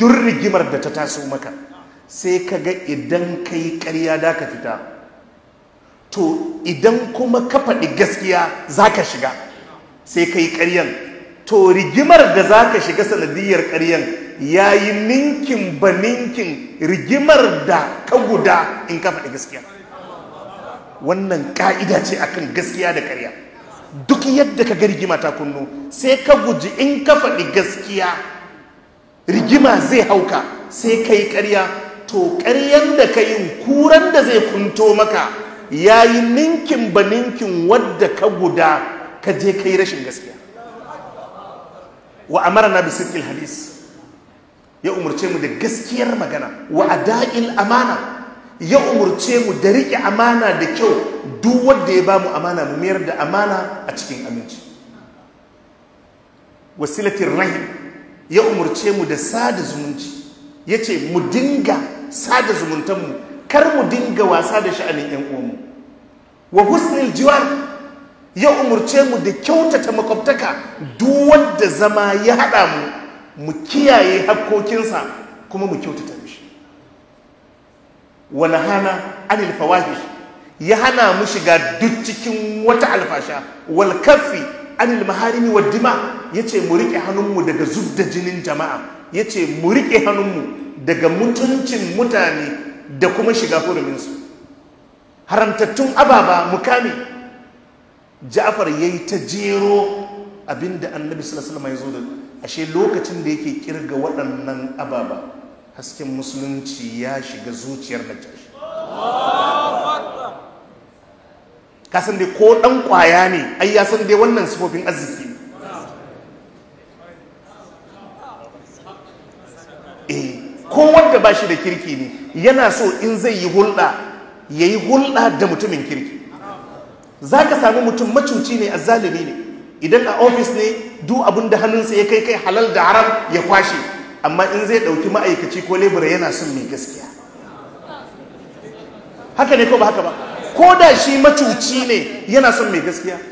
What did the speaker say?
duk rigimar da ta taso maka sai ka ga idan ka yi ƙarya da ka fita to idan kuma ka faɗi gaskiya za ka shiga sai ka yi ƙaryan to rigimar da za ka shiga sanadiyar ƙaryan ya yi ninkin ba ninkin rigimar da ka guda in ka faɗi gaskiya wannan ƙa'ida ce akan gaskiya da ƙarya duk yadda ka ga rigima ta kunno sai ka guji in ka faɗi gaskiya rigima zai hauka sai kai karya to karyan da ka yi kuran da zai kunto maka ya yi ninkin ba ninkin wadda ka guda ka je ka yi rashin gaskiya wa amara na sirkin hadis ya umarce mu da gaskiyar magana wa a ada'il amana ya umarce mu da riƙe amana da kyau duk wanda ya bamu amana mu mayar da amana a cikin aminci wasilatin rahim ya umarce mu da sada zumunci ya ce mu dinga sada zumuntanmu kar mu dinga wasa da sha'anin yan uwanmu wa husnil jiwar ya umarce mu da kyautata makwabtaka duk wanda zama ya haɗa mu mu kiyaye hakkokinsa kuma mu kyautata mishi wa hana anil fawahish ya hana mu shiga duk cikin wata alfasha wal anil maharimi wa dima ya ce mu rike hannunmu daga zubda jinin jama'a ya ce mu rike hannunmu daga mutuncin mutane da kuma shiga huruminsu haramtattun ababa mukami ya yi ta jero abinda annabi sallallahu alaihi ya zo da ashe lokacin da yake kirga waɗannan ababa hasken musulunci ya shiga zuciyar da jashi ka san dai ko dan kwaya ne ai ya san dai wannan sifofin arziki ne eh ko wanda ba shi da kirki ne yana so in zai yi hulɗa ya yi hulɗa da mutumin kirki za ka sami mutum macuci ne a zalimi ne idan a ofis ne du abin da hannunsa ya kai kai halal da haram ya kwashe amma in zai ɗauki ma'aikaci ko lebura yana son mai gaskiya haka ne ko ba haka ba ko da shi macuci ne yana son mai gaskiya